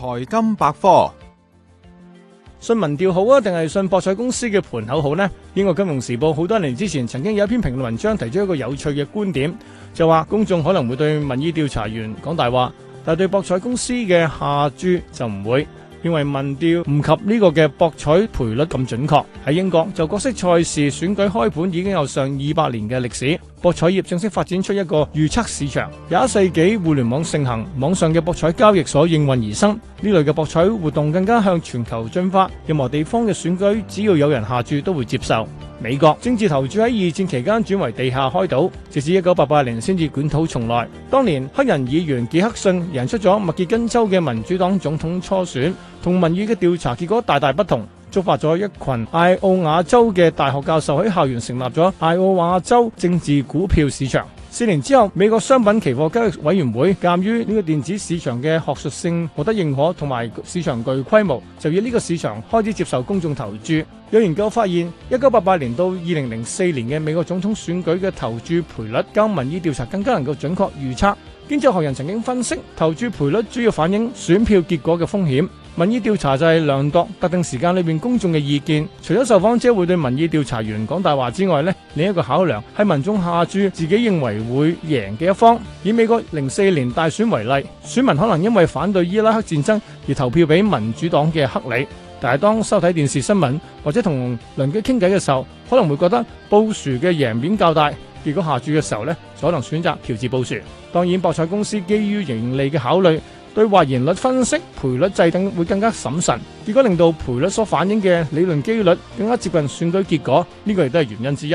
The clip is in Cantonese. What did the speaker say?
財金百科，信民調好啊，定係信博彩公司嘅盤口好呢？英國金融時報好多年之前曾經有一篇評論文章提出一個有趣嘅觀點，就話公眾可能會對民意調查員講大話，但對博彩公司嘅下注就唔會。認為民調唔及呢個嘅博彩賠率咁準確。喺英國就各式賽事選舉開盤已經有上二百年嘅歷史，博彩業正式發展出一個預測市場。廿一世紀互聯網盛行，網上嘅博彩交易所應運而生，呢類嘅博彩活動更加向全球進發。任何地方嘅選舉，只要有人下注，都會接受。美國政治投注喺二戰期間轉為地下開賭，直至一九八八年先至捲土重來。當年黑人議員傑克遜贏出咗密歇根州嘅民主黨總統初選，同民意嘅調查結果大大不同，觸發咗一群艾奧瓦州嘅大學教授喺校園成立咗艾奧瓦州政治股票市場。四年之後，美國商品期貨交易委員會鑑於呢個電子市場嘅學術性獲得認可，同埋市場具規模，就以呢個市場開始接受公眾投注。有研究發現，一九八八年到二零零四年嘅美國總統選舉嘅投注賠率，較民意調查更加能夠準確預測。經濟學人曾經分析，投注賠率主要反映選票結果嘅風險。民意調查就係量度特定時間裏邊公眾嘅意見。除咗受訪者會對民意調查員講大話之外，呢另一個考量係民眾下注自己認為會贏嘅一方。以美國零四年大選為例，選民可能因為反對伊拉克戰爭而投票俾民主黨嘅克里，但係當收睇電視新聞或者同鄰居傾偈嘅時候，可能會覺得布殊嘅贏面較大，結果下注嘅時候呢，可能選擇支持布殊。當然，博彩公司基於盈利嘅考慮。對話言率分析，賠率制定會更加審慎，結果令到賠率所反映嘅理論機率更加接近選舉結果，呢個亦都係原因之一。